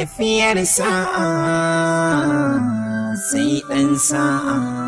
tafiyar sa'a sai ɗan sa'a.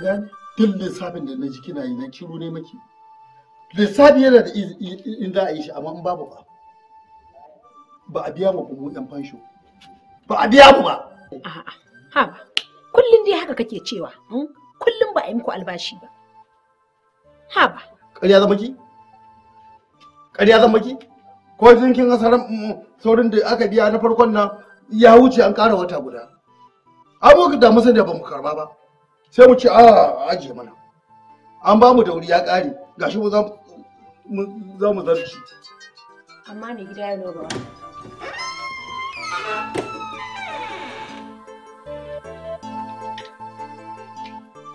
kin gane duk lissafin da na ji kina yi na ciro ne maki lissafi yana da in za a yi shi amma in babu ba ba a biya ma kuma yan fansho ba a biya mu ba a'a ha ba kullun dai haka kake cewa hmm? kullun ba a yi muku albashi ba ha ba ƙarya zama ki ƙarya zama ki ko kin kin asaran mm, saurin da aka biya na farkon nan ya wuce an ƙara wata guda abu da musu da ba mu karba ba sai mu ce a ajiye mana an ba mu dauri ya ƙare gashi mu za mu zarci amma ne gida ya nuna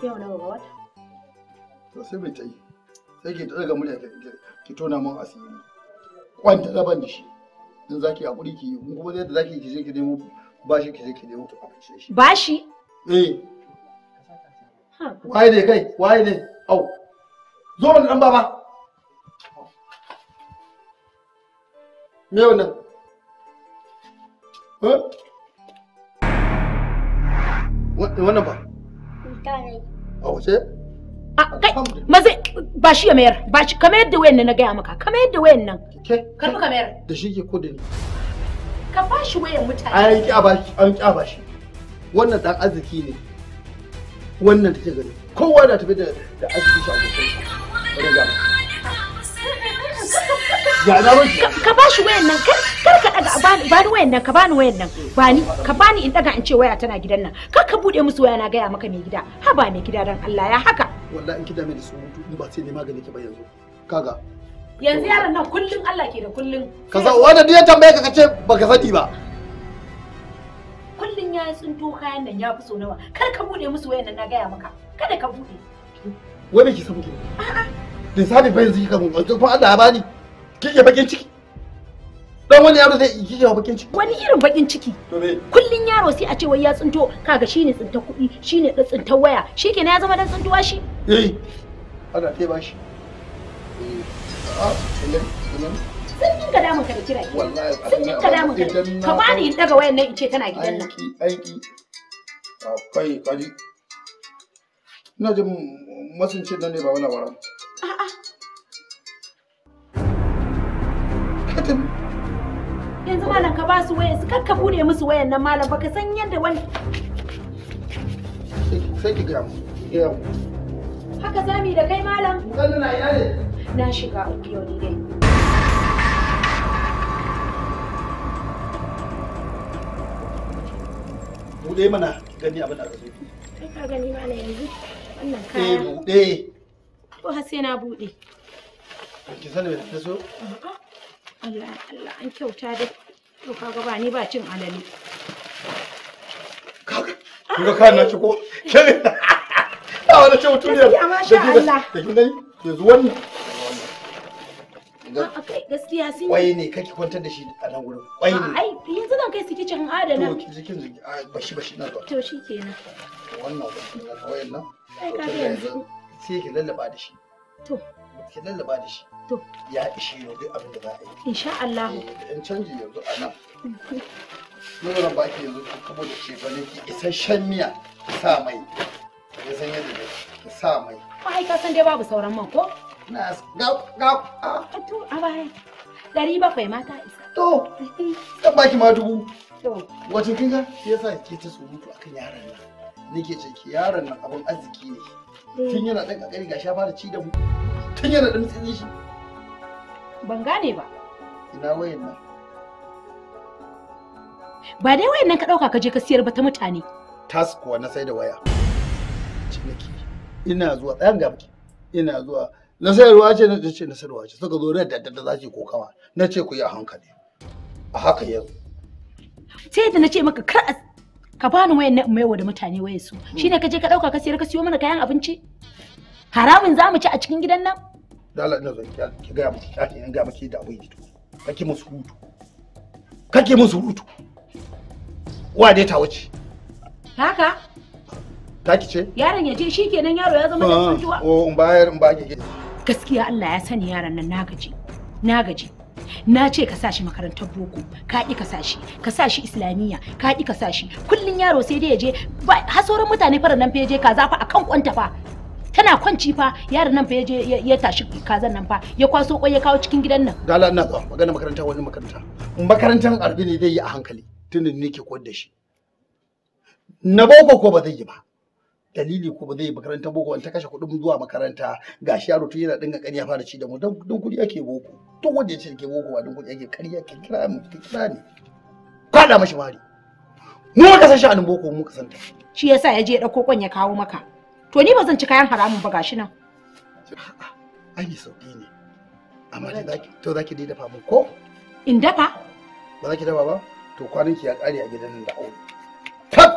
yau na gaba wata to sai bai ta yi sai ke daga murya ki tona mun asiri kwanta daban da shi in zaki haƙuri ki yi kuma zai da zaki ki je ki nemo bashi ki je ki nemo to abinci shi bashi eh waye ne kai waye ne au zo mana dan baba me yau wannan wannan ba a kai, maza ba shi ya mayar ba shi kamar yadda wayan nan na gaya maka kamar da wayan nan karfi ka mayar da shi ke ko da ni ka ba shi wayan mutane an ki a bashi wannan dan arziki ne wannan take gani kowa da tafi da da aziki shi a wajen gaba ya da ka ba shi wayan nan kar ka daga ba ni wayan nan ka bani wayan nan ba ni ka bani in daga in ce waya tana gidan nan kar ka bude musu waya na gaya maka mai gida ha ba mai gida dan Allah ya haka wallahi in kida mai da surutu in ba sai ne magani ke ba yanzu kaga yanzu yaran nan kullun Allah ke da kullun zo wanda duk ya tambaye ka kace baka sani ba kullum ya tsinto kayan nan ya fi so nawa kar ka bude musu wayannan na gaya maka kada ka bude wani ki samu a'a lissafi fa yanzu kika mun ko Allah ya bani kike bakin ciki dan wani yaro zai kike bakin ciki wani irin bakin ciki kullun yaro sai a ce wai ya tsinto kaga shine tsinta kuɗi shine da tsinta waya shikenan ya zama dan tsintuwa shi eh ana te shi eh a'a ah, sun ka damun ka da kira ke sun dinga damun ka ka bani in daga wayan nan in ce tana gidan nan aiki akwai kaji ina jin masunci da ne ba wala wara a'a yanzu malam ka ba su waya su kakka bude musu wayan nan malam baka san yadda wani sai ki gaya mu gaya mu haka zami da kai malam na ina ne na shiga uku ne. dai buɗe mana gani abin da ka so kai ka gani mana yanzu wannan eh, kaya eh buɗe ko har sai na buɗe ki sani me ta so Allah Allah an kyauta dai to ba ni ba cin alali kaga kana ko ke wani ce mutum ne da ki a ah, kai gaskiya sun kwai ne kake kwantar da shi a nan gurin kwai ne ah, ai yanzu zan kai su kicin adana to jikin jiki ah, bashi bashi na to shikenan wannan kawai nan ai ka yanzu sai ke lallaba da shi to ke lallaba da shi to ya ishe yau duk abin da za a yi insha Allah in eh, canji yanzu a nan yau zan baki yanzu kuma da ce ba ne ki isasshen miya ki sa mai ya san yadda ki sa mai ai ka san dai babu sauran man ko To, a baya. dari bakwai mata isa. To, zan baki ma dubu. To. Wacin kin ga shi yasa ke ta surutu akan yaron nan. Nake ce ki yaron nan abin arziki ne. Eh. Tun yana ɗan ƙaƙari ga fara ci da mu. Tun yana ɗan tsini shi. Ban gane ba. Ina wayan nan. Ba dai wayan nan ka ɗauka ka je ka siyar ba ta mutane. Tas kuwa na sai da waya. Ciniki. Ina zuwa ɗayan gabki. Ina zuwa na sayarwa ce na ce na sayarwa ce suka zo da da za ki kokawa na ce ku yi a hankali a haka yau sai da na ce maka kar ka bani wayan na maiwa da mutane waye su hmm. shine ka je ka dauka ka sayar ka siyo mana kayan abinci haramin za mu ci a cikin gidan nan dala ina zan ki ga mu ta in ga miki da abin ki kake musu hutu kake musu hutu wa dai ta wuce haka taki ce yaron ya ce shikenan yaro ya zama ah, da tsuntuwa o oh, in bayar in ba ki gaskiya Allah ya sani yaran nan na gaji na gaji na ce ka sa makarantar boko ka ƙi ka sa shi ka sa shi islamiyya ka ƙi ka sa kullun yaro sai dai ya je har sauran mutane fara nan fa je kaza fa akan kwanta fa tana kwanci fa yaran nan fa ya je ya tashi kazan nan fa ya kwaso kwai ya kawo cikin gidan nan Allah ina zuwa magana makaranta wani makaranta makarantar arbi zai yi a hankali tunda ni ke shi na boko ko ba zai yi ba dalili ko ba zai makarantar boko an ta kashe kuɗin zuwa makaranta gashi yaro tun yana dinga ya fara ci da mu don kuɗi ake boko to wanda ya ce ke boko ba don kuɗi ake ƙarya ke kira mu ke kira ne Kwaɗa mashi mari mu ka san sha'anin boko mu ka san ta shi yasa ya je ya ɗauko kwan ya kawo maka to ni ba zan ci kayan haramun ba gashi nan ai yi sauki ne amma da zaki to zaki dai dafa mun ko in dafa ba zaki dafa ba to kwanan ki ya ƙare a gidan nan da aure tab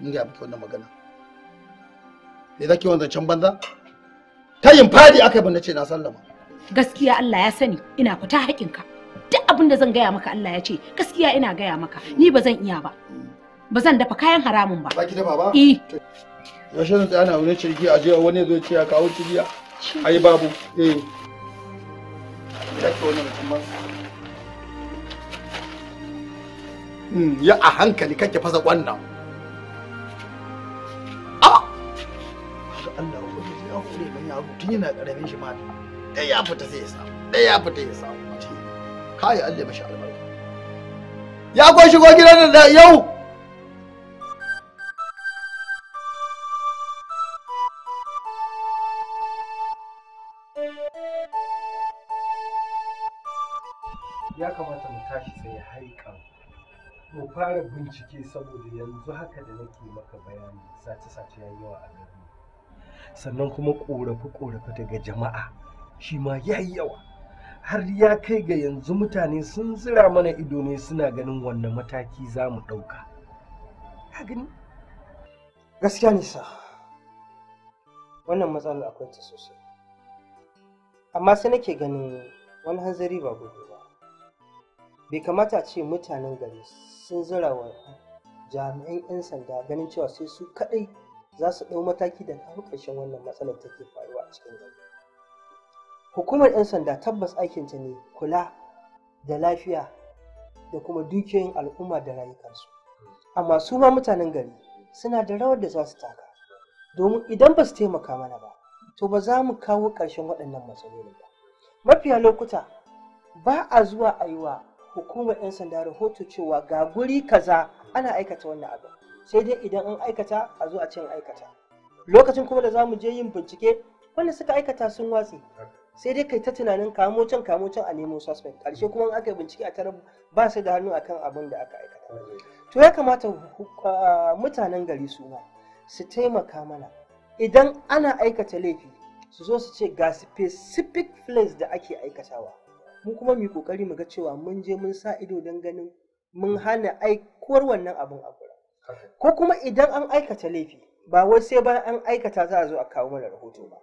in ga wannan magana me zaki wannan can banza tayin fadi aka ban nace na sallama gaskiya Allah ya sani ina fita haƙinka duk abin da zan gaya maka Allah ya ce gaskiya ina gaya maka ni ba zan iya ba ba zan dafa kayan haramun ba ba ki dafa ba eh yaushe zan tsaya na wani cirki a jiya wani zo ce ya kawo cibiya ai babu eh hmm, ya a hankali kake fasa kwannan shi Allah ubangiji ya hore mai yaro tun yana karamin shi ma dai ya fita sai ya samu dai ya fita ya samu kai Allah mashi albarka ya ko shigo gidan da yau ya kamata mu tashi sai haikan mu fara bincike saboda yanzu haka da nake maka bayani sace-sace ya yawa a gari sannan kuma ƙorafe-ƙorafe daga jama'a shi ma ya yi yawa har ya kai ga yanzu mutane sun zira mana ido ne suna ganin wanne mataki za mu ɗauka gani gaskiya ne wannan matsalar akwai ta sosai amma sai nake ganin wani hanzari ba gudu ba bai kamata ce mutanen gari sun zira wa jami'an 'yan sanda ganin cewa sai su kaɗai za su ɗau mataki da kawo ƙarshen wannan matsalar da ke faruwa a cikin gari hukumar 'yan sanda tabbas aikinta ne kula da lafiya da kuma dukiyoyin al'umma da rayukansu amma su ma mutanen gari suna da rawar da za su taka domin idan ba su taimaka mana ba to ba za mu kawo ƙarshen waɗannan matsalolin ba mafiya lokuta ba a zuwa a yi wa hukumar 'yan sanda rahoto cewa ga guri kaza ana aikata wannan abin sai dai idan an aikata a zo a ce an aikata lokacin kuma da za mu je yin bincike wanda suka aikata sun watsi. sai dai kai ta tunanin kamocin kamocin a nemo suspect karshe kuma aka yi bincike a tarar ba su da hannu akan abin da aka aikata to ya kamata mutanen gari su ma su taimaka mana idan ana aikata laifi su zo su ce ga specific place da ake aikatawa mu kuma mu kokari mu ga cewa mun je mun sa ido don ganin mun hana aikowar wannan abin a ko kuma idan an aikata laifi ba wai sai bayan an aikata za a zo a kawo mana rahoto ba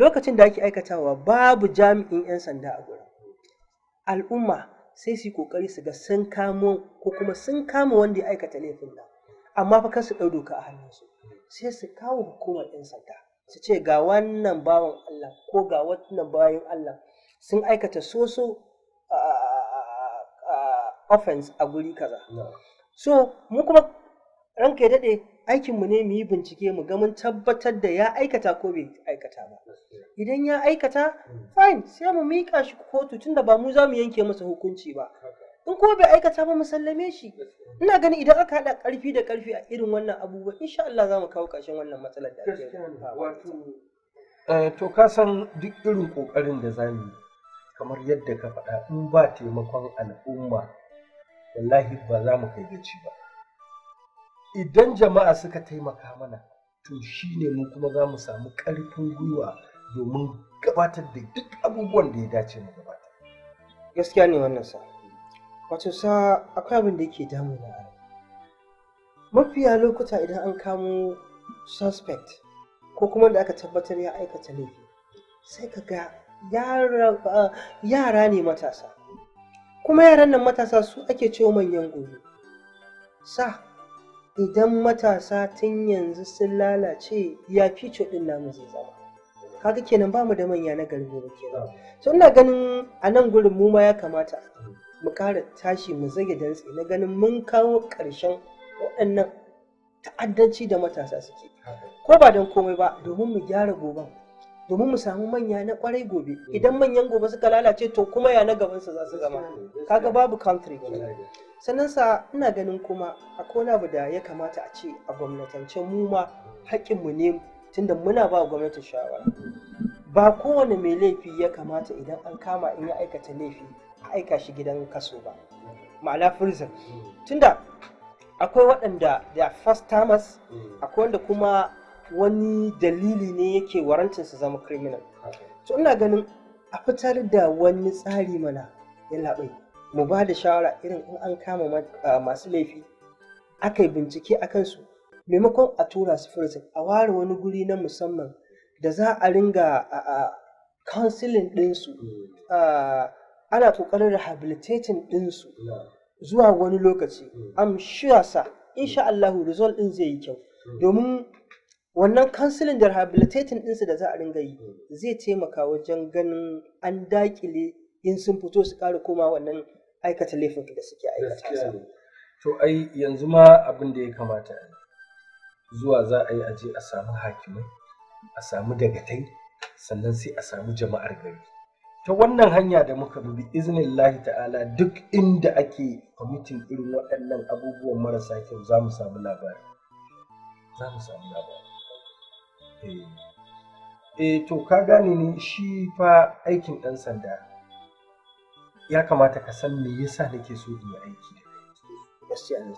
lokacin da ake aikatawa babu jami'in 'yan sanda a gurin al'umma sai su yi kokari su ga sun kamo ko kuma sun kama wanda ya aikata laifin nan amma fa su ɗau doka a hannunsu sai su kawo hukumar 'yan sanda su ce ga wannan bawan Allah ko ga wannan bayan Allah sun aikata soso offense a guri kaza so mu kuma ranka ya daɗe aikinmu ne mu yi bincike mu ga mun tabbatar da ya aikata ko bai aikata ba idan ya aikata fine sai mu miƙa shi kotu tunda ba mu za mu yanke masa hukunci ba in ko bai aikata ba mu sallame shi ina gani idan aka haɗa ƙarfi da ƙarfi a irin wannan abubuwa insha Allah za mu kawo ƙarshen wannan matsalar da ake eh, to ka san duk irin ƙoƙarin da zamu yi kamar yadda ka faɗa in ba taimakon al'umma wallahi ba za mu kai gaci ba idan jama'a suka taimaka mana to shine mu kuma za mu samu ƙarfin gwiwa domin gabatar da duk abubuwan da ya dace mu gabatar gaskiya ne wannan sa wato sa akwai abin da yake damuna a mafiya lokuta idan an kamo suspect ko kuma da aka tabbatar ya aikata laifi sai ka ga yara ne matasa kuma yaran nan matasa su ake cewa manyan gobe sa idan matasa tun yanzu sun lalace ya fice din namu zai zama kaga kenan bamu da manya na garin gobe kenan so ina ganin a nan gurin mu ma ya kamata mu ƙara tashi mu zage dantse na ganin mun kawo ƙarshen waɗannan ta'addanci da matasa suke ko ba don komai ba domin mu gyara goben domin mu samu manya na kwarai gobe mm. idan manyan gobe suka lalace to kuma ya na gabansa za su zama kaga babu country sannan sa ina ganin kuma akwai abu da ya kamata a ce a gwamnatance mu ma mu ne tunda muna ba gwamnati shawara ba kowane mai laifi ya kamata idan an kama in ya aikata laifi a aika shi gidan kaso ba ma'ana prison mm. tunda akwai waɗanda da first timers mm. akwai wanda kuma wani dalili ne yake warantar su zama criminal to ina ganin a fitar da wani tsari mana ya labai mu ba da shawara irin in an kama masu laifi aka yi bincike a kansu maimakon a tura su prison a ware wani guri na musamman da za a ringa a counseling ɗinsu mm. ana ƙoƙarin rehabilitating ɗinsu zuwa wani lokaci am mm. sure sa insha Allah result ɗin zai yi kyau mm. domin wannan kansilin da rehabilitating ɗinsu da za a ringa yi zai taimaka wajen ganin an dakile in sun fito su ƙara koma wannan aikata laifin da suke aikata to ai yanzu ma abin da ya kamata zuwa za a yi aje a samu hakimai a samu dagatai sannan sai a samu jama'ar gari ta wannan hanya da muka bi iznin lahi ta'ala duk inda ake kwamitin irin waɗannan abubuwan marasa kyau za mu samu labari za mu samu labari Eh, eh to ka gane ne shi fa aikin ɗan sanda ya kamata ka san me yasa nake so in yi aiki da kai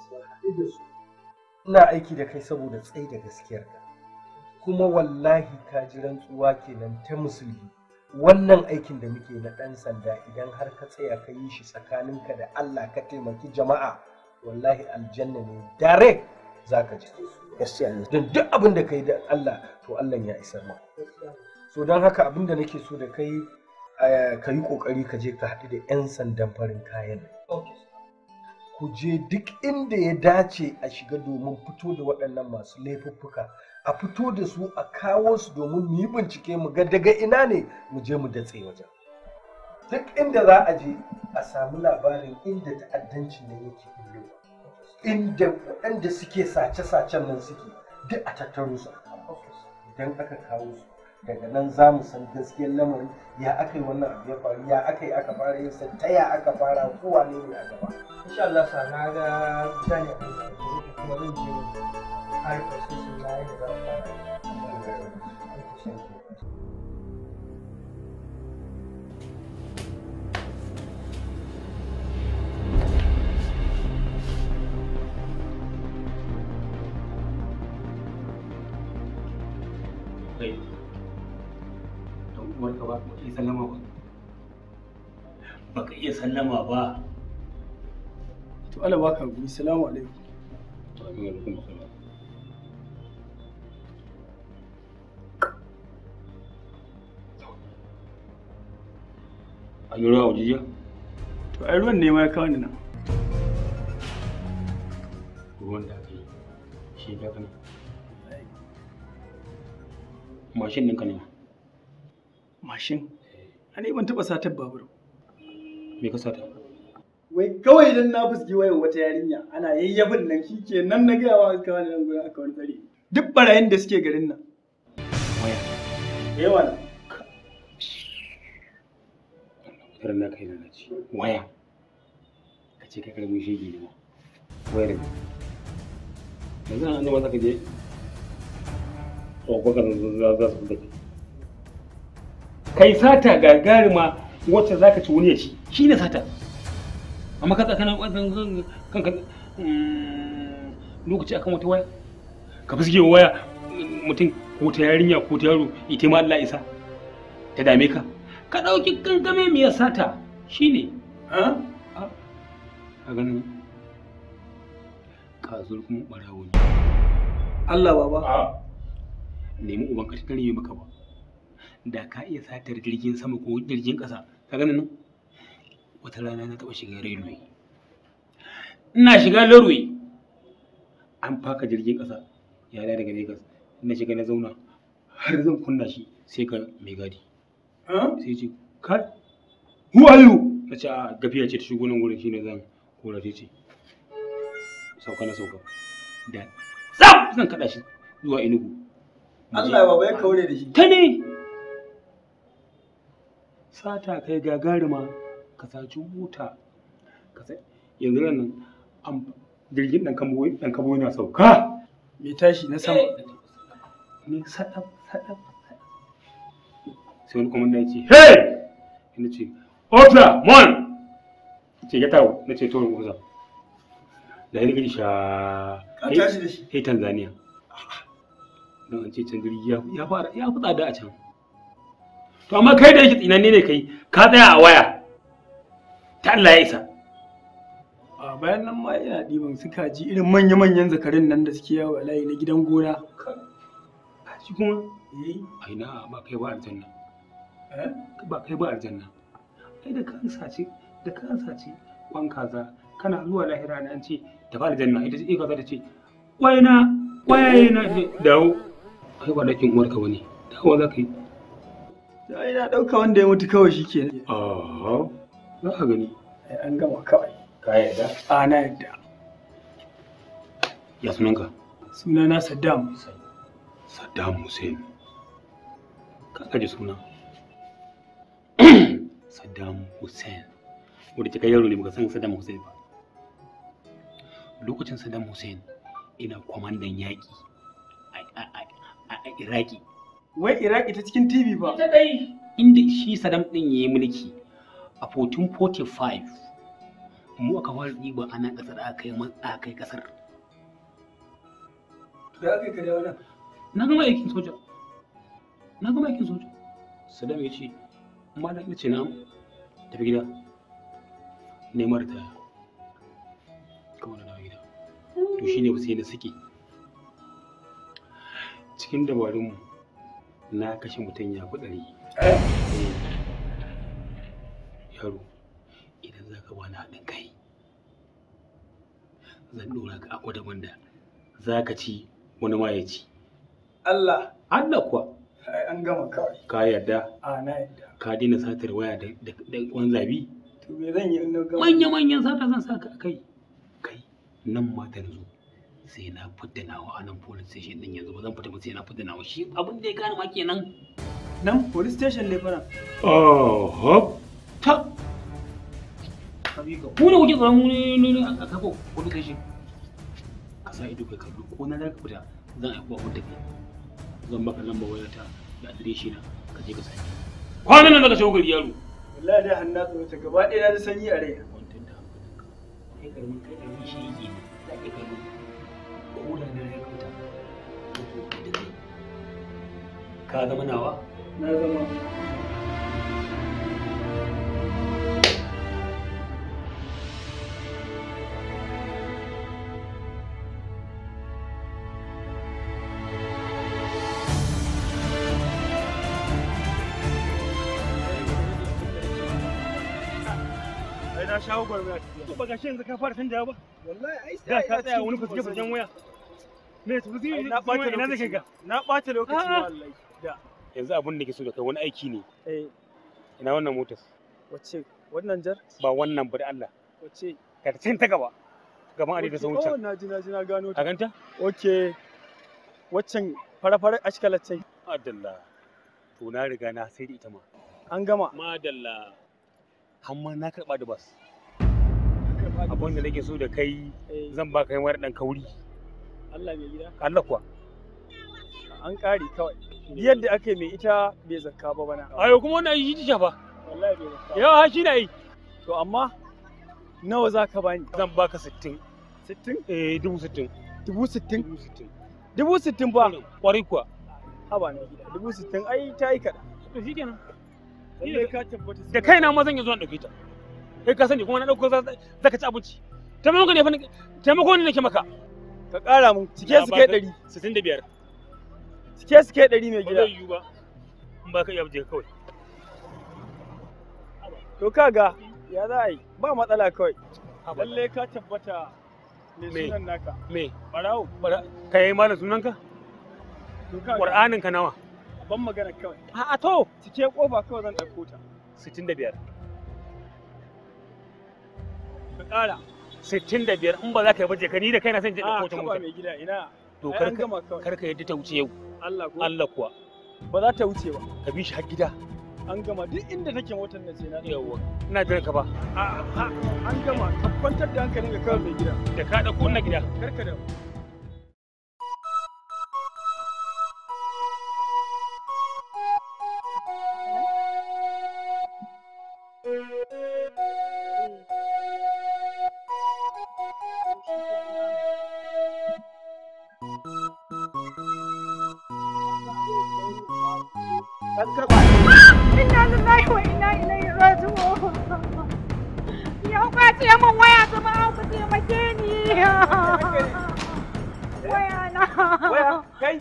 ina aiki da kai saboda tsai da gaskiyar ka kuma wallahi ka ji rantsuwa kenan ta musulmi wannan aikin da muke na ɗan sanda idan har ka tsaya ka yi shi tsakaninka da Allah ka taimaki jama'a wallahi aljanna ne direct za ka ji gaskiya ne don duk abin da kai da Allah to Allah ya isar ma so don haka abin da nake so da kai ka yi eh, kokari ka je ka haɗu da 'yan sandan farin kayan ku je duk inda ya dace a shiga domin fito da waɗannan masu laifuffuka a fito da su a kawo su domin mu yi bincike mu ga daga ina ne mu je mu datse wajen duk inda za a je a samu labarin inda ta'addanci ne yake kullowa inda waɗanda suke sace-sacen nan suke duk a tattaro su idan aka kawo su daga nan za mu san gaskiyar lamarin ya aka yi wannan abu ya faru ya aka yi aka fara yin ta ya aka fara kowa ne ne a gaba insha Allah sa na ga gane a kuma zan je har kasu sun na da za mu fara sallama ba baka iya sallama ba to Allah baka guri salamu alaikum wa alaikum assalam an yi ruwa waje jiya to ai ruwan ne ma ya kawo ni nan ruwan da aka yi shi ya kana mashin ɗinka ne mashin Ani ban taba satar babur. Me ka sata? Wai kawai idan na fuski waya wata yarinya ana yayyabin nan nan na gaya wa wani nan gurin aka wani tsare. Duk barayin da suke garin nan. Waya. Yawa Kar na kai na ci. Waya. Ka ce ka shege ne ma. Waya ne. Yanzu an ɗan masa ka je. Tsohon kan za su da kai sata gagarima wacce za ka ci wani ya ci shi ne sata amma ka tsakanin ƙwasan kanka mm, lokaci akan wata waya ka fuske waya mutum ko ta yarinya ko ta yaro ita ma Allah isa ta dame ka ka ɗauki gangame mai sata shi ne a ganin ka zuru kuma barawo ne Allah baba nemi uban ka tare tare maka ba da ka iya satar jirgin sama ko jirgin ƙasa ka gani nan wata rana na taɓa shiga railway ina shiga railway an faka jirgin ƙasa ya da daga Lagos ina shiga na zauna har zan kunna shi sai ka mai gadi sai ce ka who are you na ce a ah, gafiya ce ta shigo nan wurin shine zan kora ce sauka na sauka da zan kada shi zuwa Enugu Allah baba ya kaure da shi ta ne sata kai gagarima ka saci mota yanzu nan jirgin ɗan kambo ɗan kambo yana sauka mai tashi na sama ni sadaf sadaf sai wani kuma ya ce hey ina ce otra mon ce ya tawo na ce tawon kusa da ya gani ka tashi da shi hey tanzania don an ce can jirgi ya fara ya fi tsada a can to amma kai da yake tsinanne ne kai ka tsaya a waya ta Allah ya isa a bayan nan ma ina ɗiban suka ji irin manya-manyan zakarin nan da suke yawo a layi na gidan gona shi kuma yi eh. a ina ba kai ba aljanna eh ba kai ba aljanna ai da kan sace da kan sace kwan kaza kana zuwa lahira ne an ce tafi aljanna ita ce eh, kaza da ce kwaina na da na dawo kai ba dakin uwarka wani dawo za ka yi ai na ɗauka wanda ya mutu kawai shi ke aha za a gani an gama kawai ka yarda a na yarda ya sunanka sunana saddam saddam hussein ka ka ji suna saddam hussein wadda ta kai yaro ne baka san saddam hussein ba lokacin saddam hussein ina kwamandan yaƙi a iraki wai iraki ta cikin tv ba ita dai inda shi sadam din yayi mulki a 1445 mu aka fara ɗiba ana ƙasar aka yi matsa kai ƙasar da aka ka dawo na ga aikin soja na gama aikin soja sadam ya ce malam ya ce na tafi gida ne ta kawai na dawo gida to shine ba sai na saki cikin dabarunmu na kashe mutum ya kudari eh. yaro idan za ka wani haɗin kai zan ɗora ka akwai da wanda za ka ci wani ma ya ci Allah Allah kuwa an gama kawai ka yarda a na yarda ka daina satar waya da wani zabi to me zan yi gama manya manyan sata zan saka kai kai nan ma ta zo sai na fidda nawa a nan police station din yanzu ba zan fita ba sai na fidda nawa shi abin da ya gane ma kenan nan police station ne fara oh hop ta ku ne kuke tsaron wani a kafa wani kashi ka sa ido kai kallo ko na da ka fita zan aiko a wadda kai zan baka lamba wayata da adireshi na ka je ka sake kwanan nan daga shawo gari yaro wallahi dai hannu tsoro ta gaba ɗaya na sanyi a rai kwantar da hankalinka kai karamin kai karamin shi yake da ake karamin da ka zama nawa na zama shawo shi yanzu ka fara canjawa ba wallahi ai sai ka tsaya wani fuske waya me tuzi na ɓata ina zai ga na ɓata lokaci ah. wallahi da yanzu abin da ke so da kai wani aiki ne eh ina wannan motar wace wannan jar ba wannan ba da Allah wace ka ta gaba gaban ari da saucin oh na ji na ji na gano ta ganta okay waccan fara-fara ashkalar ce adalla to na riga na sai da ita ma an gama madalla amma na karba da bas abin da nake so da kai eh. zan baka yin wani dan kauri Allah mai gida Allah kuwa an ƙari kawai yadda ake mai ita bai zakka ba bana ayo kuma wannan ayi ta shafa wallahi bai zakka yawa shi na yi to amma nawa za ka bani zan baka sittin. Sittin? eh dubu sittin. dubu sittin? dubu sittin ba kwarai kuwa haba na gida dubu sittin ai ta yi kada to shi kenan. da kaina ma zan yi zuwa ɗauke ta kai ka sani kuma na ɗauko za ka ci abinci taimako ne fa taimako ne nake maka ka ƙara mun cike su kai ɗari. Sittin da biyar. Cike su kai ɗari mai gida. Ba zai yiwu ba. In ba ka iya je kawai. To ka ga. ya za a yi ba matsala kawai. Lalle ka tabbata mai sunan naka. Me. Barawo. Ka yi malam sunan ka? Ƙur'anin ka nawa? Ban magana kawai. a to. Cike ƙofa kawai zan ɗauko ta. Sittin da biyar. Ka ƙara. Sittin da biyar in ba za ka yi ba ka ni da kaina san je da ah, kotun mota to kar ka yadda ta wuce yau Allah kuwa ba za ta wuce ba ka bi shi har gida an gama duk inda take motar na na yawa ina jiran ka ba A'a, an gama ka kwantar da hankalin ka kawai mai gida da ka dauko na gida kar ka da chị em mà que tôi mà ông chị em mà chê nhỉ que nào que cái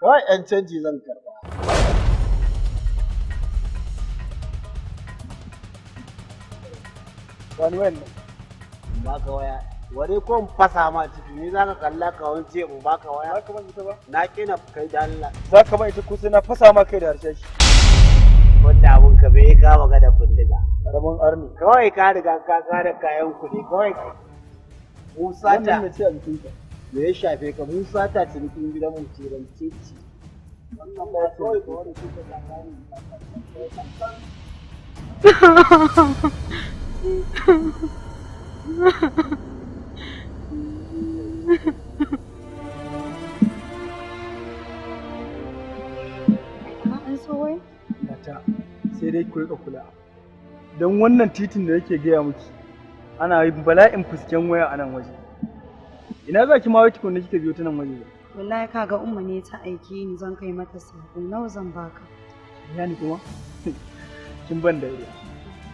Kawai 'yan canji zan karba. Wani wannan ba ka waya Wani ko in fasa ma ciki ni za ka kalla ka wance in baka waya ka ita ba na kina kai da Allah za ka ba ita ko sai na fasa ma kai da harshe shi wanda abun ka bai ka maka da bindiga karamin arni kawai ka riga ka kare kayan kuɗi kawai Musa ta me ya shafe ka Musa ta cinikin gidan mu ce ran ce ci wannan ba ka wani Ha ha ha ha. an sai dai ku rika kula. Don wannan titin da yake gaya miki, ana yin bala'in fusken waya a nan waje. Ina za ki ma wai tukunna kika biyo ta nan waje ba? Wallahi kaga umma ne ta aiki ni zan kai mata sako nawa zan baka. Ya ni kuma? Kin ban da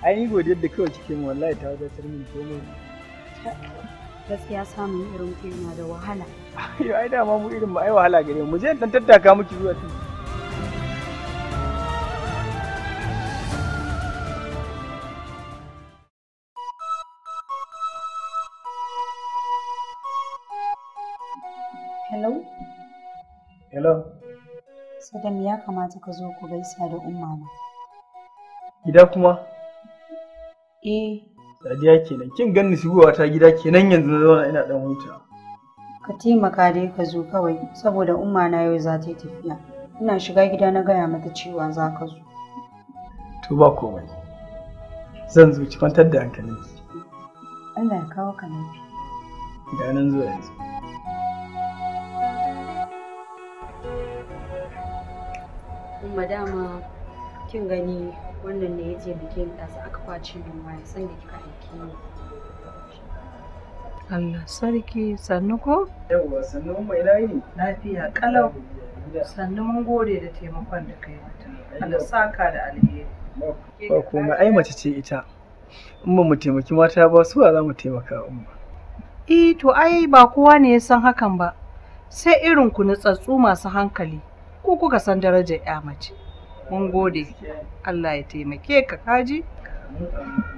Ai ni godiyar da kawai kike min wallahi ta wadatar min komai. gaskiya samun irin ku da wahala Yau ai dama mu irin ba ai wahala gare mu je dan tattaka miki zuwa tun Hello? Hello? Sadam ya kamata ka zo ku gaisa da umma na. Gida kuma? Eh, Dadiya kenan, kin ganni shigowa ta gida kenan yanzu na zauna ina dan huta. Ka taimaka dai ka zo kawai saboda umma na yau za ta yi tafiya. Ina shiga gida na gaya mata cewa za ka zo. To ba komai. Zan zo ki kwantar da hankalinki. Allah ya kawo ka lafiya. Da nan zo yanzu. Umma dama kin gani wannan ne ya je bikin ɗasa aka kwace min waya da kika aiki ne. Allah sarki sannu ko? Yawwa sannu mu ina yi? Lafiya kalau. Sannu mun gode da taimakon da kai mata. Allah saka da alheri. Ba komai ai mace ce ita. In ba mu taimaki mata ba suwa za mu taimaka ba. Eh to ai ba kowa ne ya san hakan ba. Sai irin ku na tsatsu masu hankali. Ko kuka san darajar ya mace. mun gode Allah ya taimake ka kaji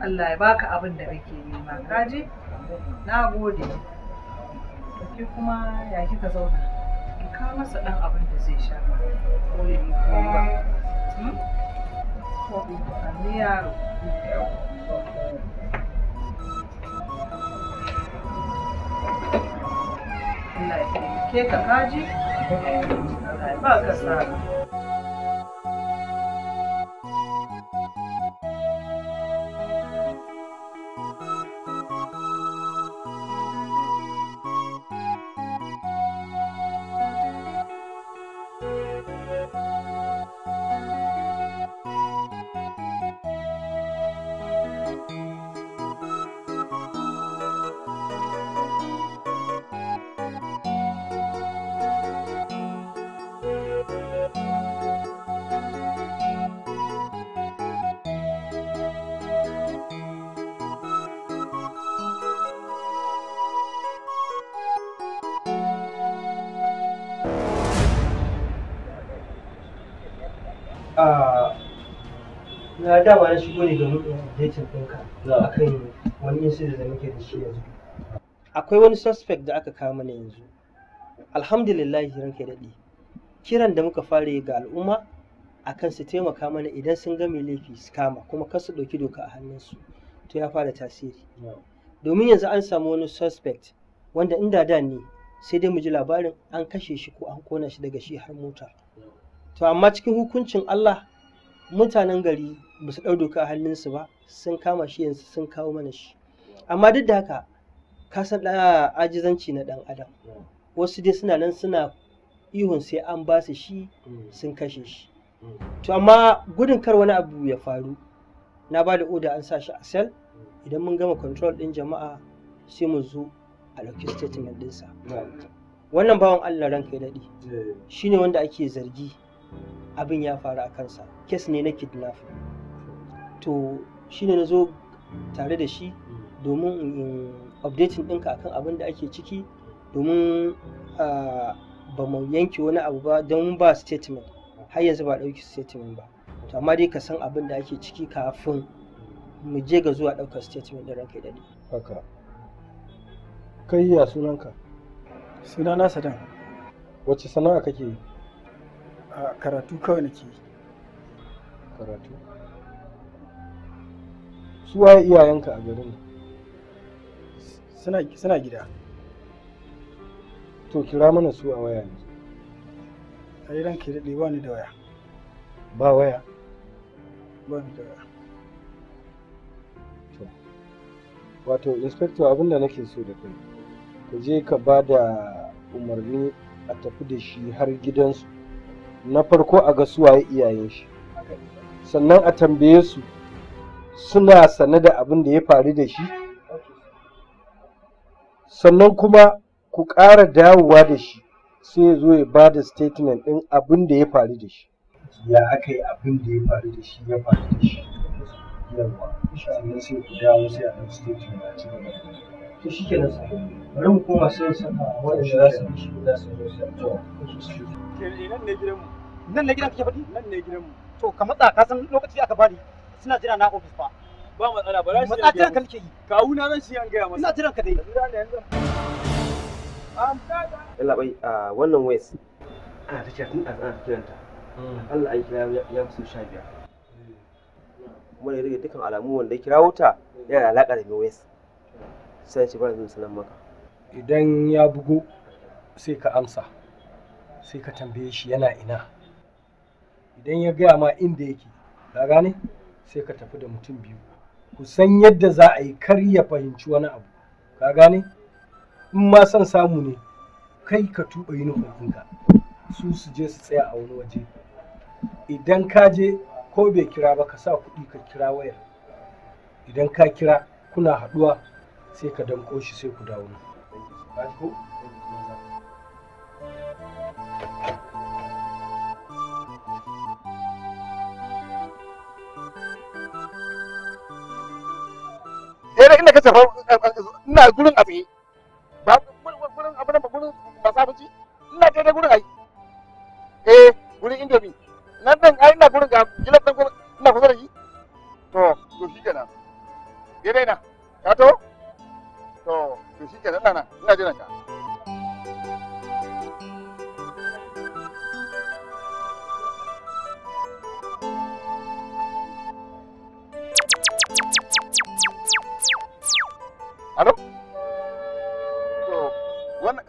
Allah ya baka abin da kake nema kaji na gode ke kuma ya kika zauna ki kawo masa dan abin da zai sha ko ya yi kuma ko in yaro Allah ya taimake ka kaji Allah ya baka sa'a na dama na shigo ne updating ɗinka a kan wani incident da muke da shi yanzu akwai wani suspect da aka kama mana yanzu alhamdulillah ranka daɗi kiran da muka fara ga al'umma akan su taimaka mana idan sun ga mai laifi su kama kuma kar su ɗauki doka a hannunsu to ya fara tasiri domin yanzu an samu wani suspect wanda inda da ne sai dai mu ji labarin an kashe shi ko an kona shi daga shi har mota. to amma cikin hukuncin Allah mutanen gari ba su ɗau doka a hannunsu ba sun kama shi yanzu sun kawo mana shi amma duk da haka ka san ajizanci na ɗan adam wasu dai suna nan suna ihun sai an ba su shi sun kashe shi to amma gudun kar wani abu ya faru na ba da oda an sa shi a sel idan mun gama control ɗin jama'a sai mu zo a ɗauki statement ɗinsa wannan bawan allah ranka ya daɗi eh. shine wanda ake zargi abin ya faru a kansa kes ne na kidnapping to shine na zo tare da shi domin in updating ɗinka akan abin da ake ciki domin ba mu yanke wani abu ba don ba statement har yanzu ba ɗauki statement ba to amma dai ka san abin da ake ciki kafin mu je ga zuwa ɗaukar statement da ranka daɗi. haka kai ya sunanka sunana sadan wacce sana'a kake yi karatu kawai nake yi karatu su waye iyayenka a garin suna gida to kira mana su a waya ne. a yi ranke daɗe ba ni da waya ba waya ba ni da waya to wato inspector abinda nake so da kai ka je ka ba da umarni a tafi da shi har gidansu na farko a ga suwaye iyayen shi sannan a tambaye su suna sane da abin da ya faru da shi sannan kuma ku ƙara dawowa da shi sai ya zo ya ba da statement ɗin abin da ya faru da shi ya aka yi abin da ya faru da shi ya faru da shi yawa sai ku dawo sai a ɗan statement a cikin to shi kenan sai bari mu koma sai su wanda za su yi shi za su yi Eh, nan ne gidanmu nan ne gidan kake faɗi nan ne gidanmu to kamar da ka san lokaci aka bani suna jira na office fa ba matsala ba za matsa jiran ka nake yi kawu na zan shi an gaya masa ina jiran ka dai Allah bai a wannan wayes ana ta kira tun da ana kiranta hmm. Allah ai kira ya musu sha biyar kuma hmm. da rage dukkan alamu wanda ya kira ta yana da alaƙa da wayes sai shi ba zan sanar maka idan ya bugo sai ka amsa sai ka tambaye shi yana ina idan ya gaya ma inda yake ka gane sai ka tafi da mutum biyu ku san yadda za a yi kar ya fahimci wani abu ka gane in ma san samu ne kai ka tuba yi ka su su je su tsaya a wani waje idan ka je ko bai kira ba ka sa kuɗi ka kira wayar idan ka kira kuna haɗuwa sai ka damƙo shi sai ku dawo. kai inda ka tafa ina gurin a tsaye ba gurin abin ba gurin ba sabuci ina kai da gurin ai eh gurin indomi nan nan ai ina gurin ga gilan dan gurin ina kusa da shi to to shi kenan dai dai na ka to to shi kenan ina ina jiran ka Aro? To, wannan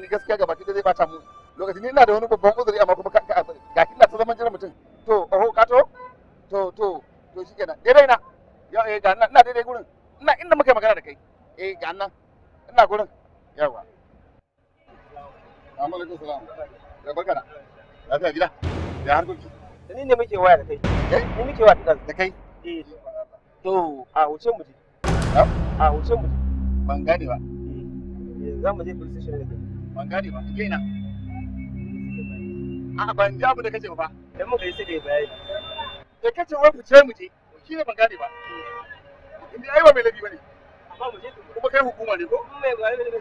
ni gaskiya ga baki zai bata mu lokaci ni ina da wani babban uzuri amma kuma ka a ga kina ta zaman jiran mutum. To, oho ka to? To, to, to shikenan. dai na. Ya eh ga nan ina daidai gurin. Ina inda muka magana da kai. Eh ga nan. Ina gurin. Yawa. Assalamu alaikum salam. Ya barka da. Lafiya gida. Ya harkoki. Ni ne muke waya da kai. Eh? Ni muke waya da kai. Da kai? Eh. To, a wuce mu je. a wucin mu ban gane ba eh, eh, za mu je police station ban gane ba ke na a ban da kace ba dan sai da bayani da kace wai fice mu je shi ne ban gane ba eh. ai ba mai labi bane amma mu je kuma kai hukuma ne ko mai ba wai sai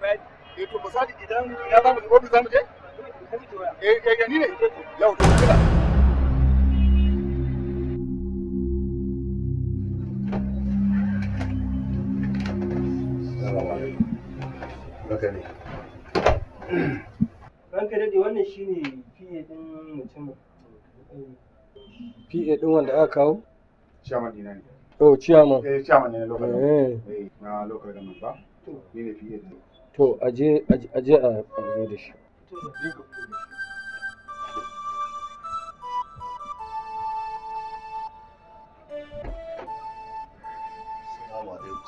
bayani eh to idan ya za mu za mu je eh ni ne yau to kira ka ne ranka dade wannan shine PA ɗin wanda aka kawo chairman ne oh eh, na local government eh, eh na ne to aje aje a zo da shi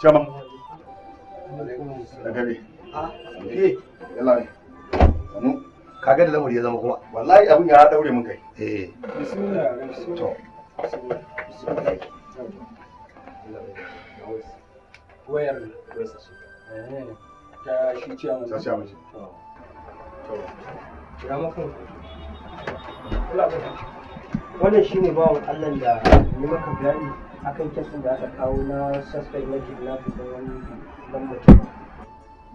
Chairman. ne. Eh, ne kaga da lamari ya zama kuma wallahi abin ya daure mun kai eh to shi eh, shine bawon Allah da ni maka bayani akan kisan da aka kawo na suspect na kidnapping wani ban mutum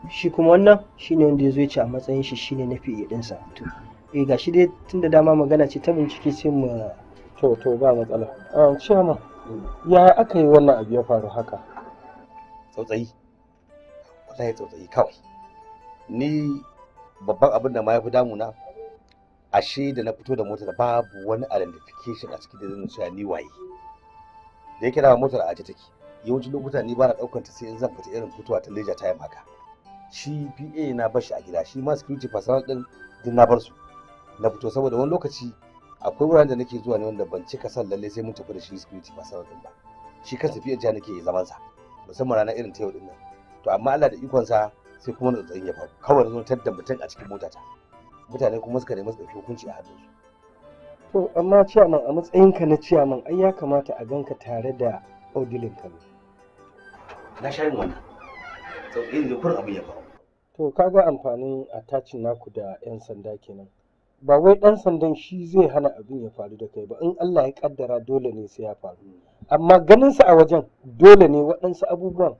shi kuma wannan shine wanda ya zo ya ce a matsayin shi shine na fiye ɗinsa to eh ga shi dai tunda dama magana ce ta bincike sai mu to to ba matsala um, chairman ya aka yi wannan abu ya faru haka tsautsayi wallahi tsautsayi kawai ni babban abin da ma ya fi damuna ashe da na fito da motar babu wani identification a cikin da zan tsaya ni waye da yake da motar a aje take yawancin lokuta ni ba na daukar ta sai in zan fita irin fitowa ta leja time haka shi PA na bar shi a gida shi ma security personnel din din na bar su na fito saboda wani lokaci akwai wuraren da nake zuwa ne wanda ban cika san lalle sai mun tafi da shi security personnel din ba shi kansa PA ja nake zaman sa musamman rana irin ta yau din nan to amma Allah da ikon sa sai kuma na tsayin ya faru kawai zo tar da mutum a cikin motata mutane kuma suka nemi su dauki hukunci a hannun su to amma ciyaman a matsayinka na ciyaman ai ya kamata a ganka tare da audilinka ne na sharin wannan sauƙi ne kurin abin ya faru to kaga amfanin naku da yan sanda kenan ba wai ɗan sandan shi zai hana abin ya faru da kai ba in Allah ya kaddara dole ne sai ya faru hmm. amma ganin ganinsa a wajen dole ne waɗansu abubuwan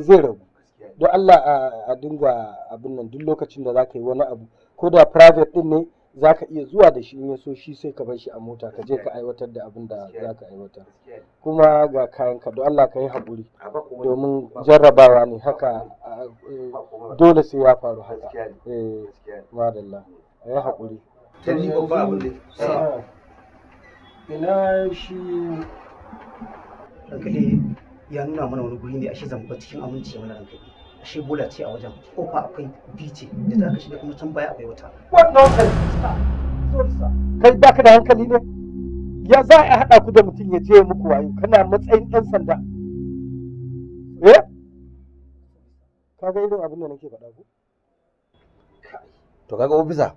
zai rabu eh, don Allah a dinga abin nan duk lokacin da za ka yi wani abu ko da private din ne za ka iya zuwa da shi in ya so shi sai ka bar shi a mota ka je ka aiwatar da abin da za ka aiwatar kuma ga kayan ka don Allah ka yi haƙuri domin jarrabawa ne haka eh, dole sai ya faru haka eh madalla ka yi haƙuri eh. ina shi ya nuna mana wani guri ne shi zamba cikin aminci mana ranka shi bula ce a wajen kofa akwai dj da za ka shiga kuma can baya akwai wata wannan kai ba ka da hankali ne ya za a haɗa ku da mutum ya je muku wayo kana matsayin ɗan sanda eh ka ga irin abin da nake faɗa ko to kaga ofisa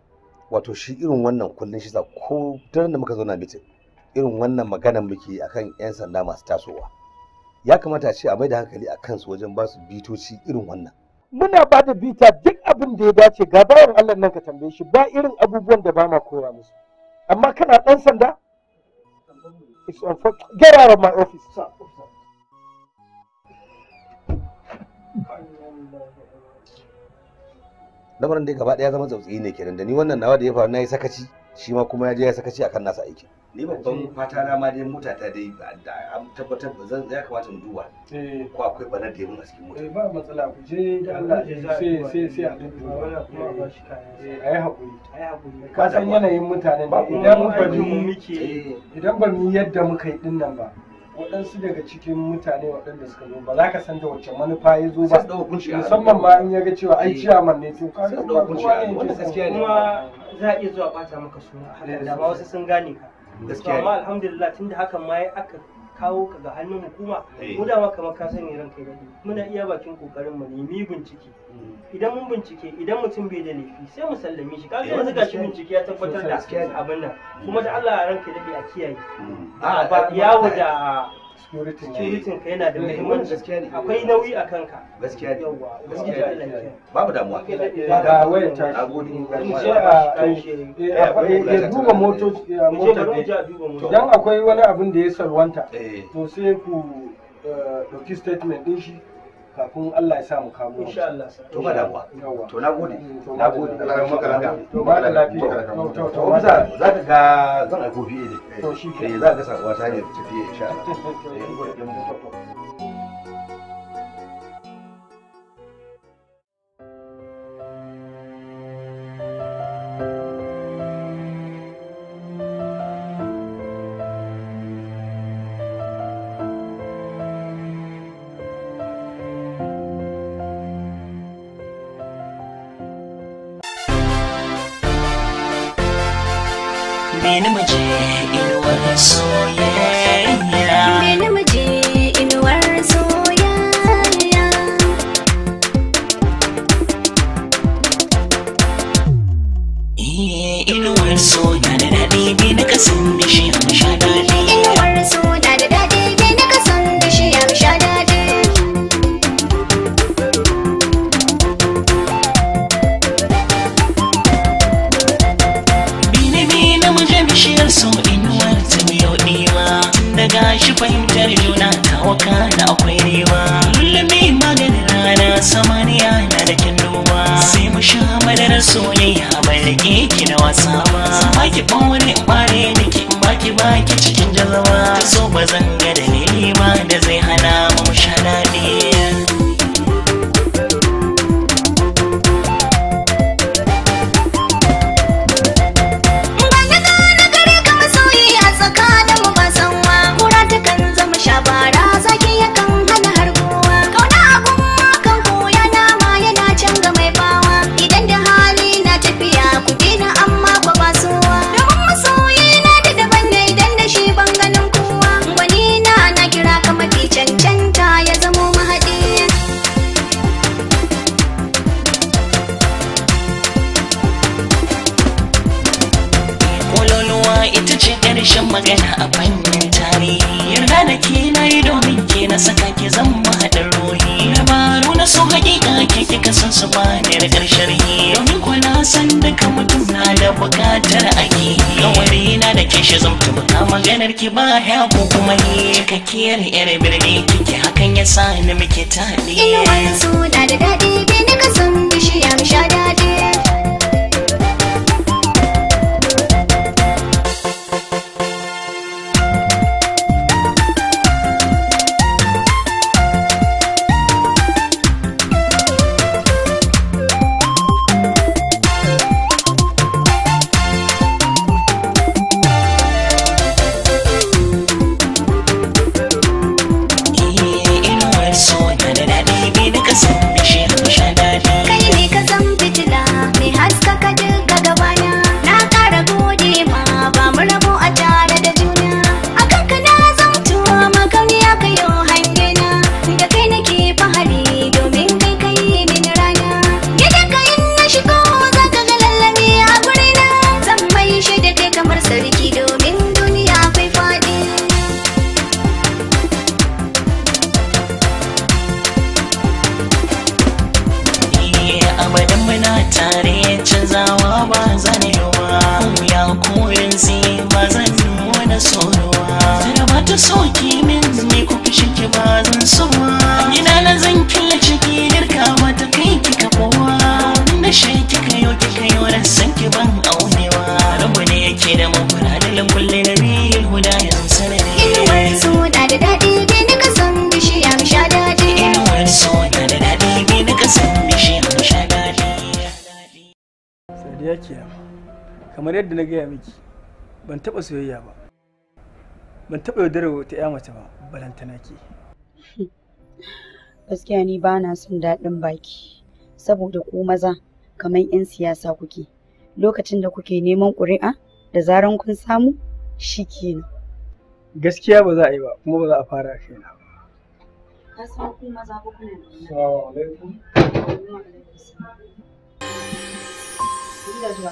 wato shi irin wannan kullun shi sa ko daren da muka zo na mitin irin wannan maganar muke akan 'yan sanda masu tasowa ya kamata a ce a mai da hankali a kansu wajen ba su bitoci irin wannan muna ba da bita duk abin da ya dace ga bayan Allah nan ka tambaye shi ba irin abubuwan da ba ma koya musu amma kana dan sanda it's get out of my lamarin dai gaba daya zama tsautsayi ne kenan da ni wannan nawa da ya faru na yi sakaci shi ma kuma ya je ya sakaci akan nasa aikin ni babban fata na ma dai mota ta dai an tabbatar ba zan ya kamata mu duba eh. ko akwai banar da yamin a cikin mota eh, ba matsala ku je da Allah ji sai sai sai a duba kuma ba shi kayan ayi eh, hakuri ayi hakuri ka san yanayin mutanen da idan ba ji mu muke idan ba mu yadda muka yi dinnan ba waɗansu daga cikin mutane waɗanda suka zo ba za ka san da wacce manufa ya zo ba musamman ma in ya ga cewa ai man ne to ka ga kuma ne kuma za a iya zuwa ɓata maka suna da ba wasu sun gane ka gaskiya amma alhamdulillah tunda hakan ma ya aka kawo ka ga hannun hukuma eh. mu da ma kamar ka sani ranka da muna iya bakin kokarin mu nemi bincike mm. idan mun bincike idan mutum bai da laifi sai mu sallame shi kaga eh, yanzu gashi bincike ya tabbatar da abin nan kuma da Allah ranka da a kiyaye mm. a ba yawo da ka yana da muhimmanci akwai nauyi a kanka gaskiya ne gaskiya babu damuwa da wayar ta agodi ce a ya eh, eh, duba motoci eh, dan akwai wani abin da ya sarwanta to sai ku ɗauki statement ɗin shi kafin Allah ya sa mu kamo insha Allah to ba damuwa mm, to na gode na gode Allah ya maka lafiya to ba da lafiya to to bisa za ka ga zan aiko fiye to shi eh, ke za ka ga sakuwa ta ne tafiye insha Allah kake shi zan ba maganar ki ba ya ko kuma ni cikakkiyar yar birni kike hakan ya sa ni muke tani Ina wani da daɗi bai na kasan bishiya mu sha dadi kamar yadda na gaya miki ban taɓa soyayya ba ban taɓa yaudarar wata ya mace ba balantana ke gaskiya ni ba na son daɗin baki saboda ku maza kamar 'yan siyasa kuke lokacin da kuke neman ƙuri'a da zaran kun samu shi kenan gaskiya ba za a yi ba kuma ba za a fara a kaina ba ku da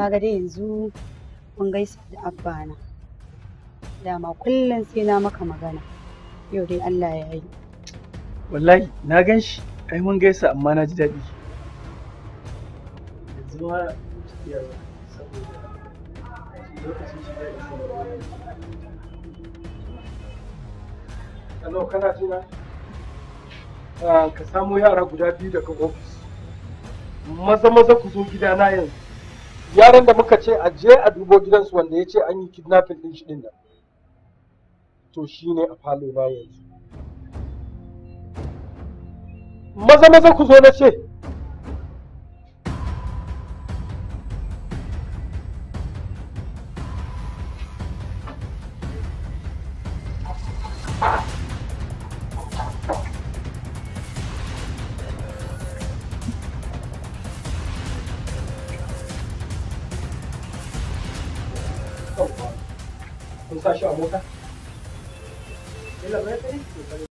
kaga dai yanzu mun gaisa da abba na dama kullum sai na maka magana yau dai Allah ya yi wallahi na gan shi ai mun gaisa amma na ji daɗi yanzu ma Hello, kana jina? Ah, ka samo yara guda biyu daga ofis maza maza ku zo gidana yanzu yaran da muka ce a je a dubo gidansu wanda ya ce an yi kidnapping din shi to shi ne a falo na yanzu maza maza ku zo na ce